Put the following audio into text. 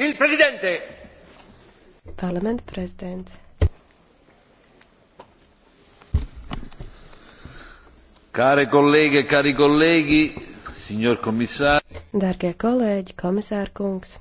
Il Presidente! Parlamenta prezidents. Kāre kolēģe, kāri e kolēģi, signor komisār. Dargie kolēģi, komisārkungs.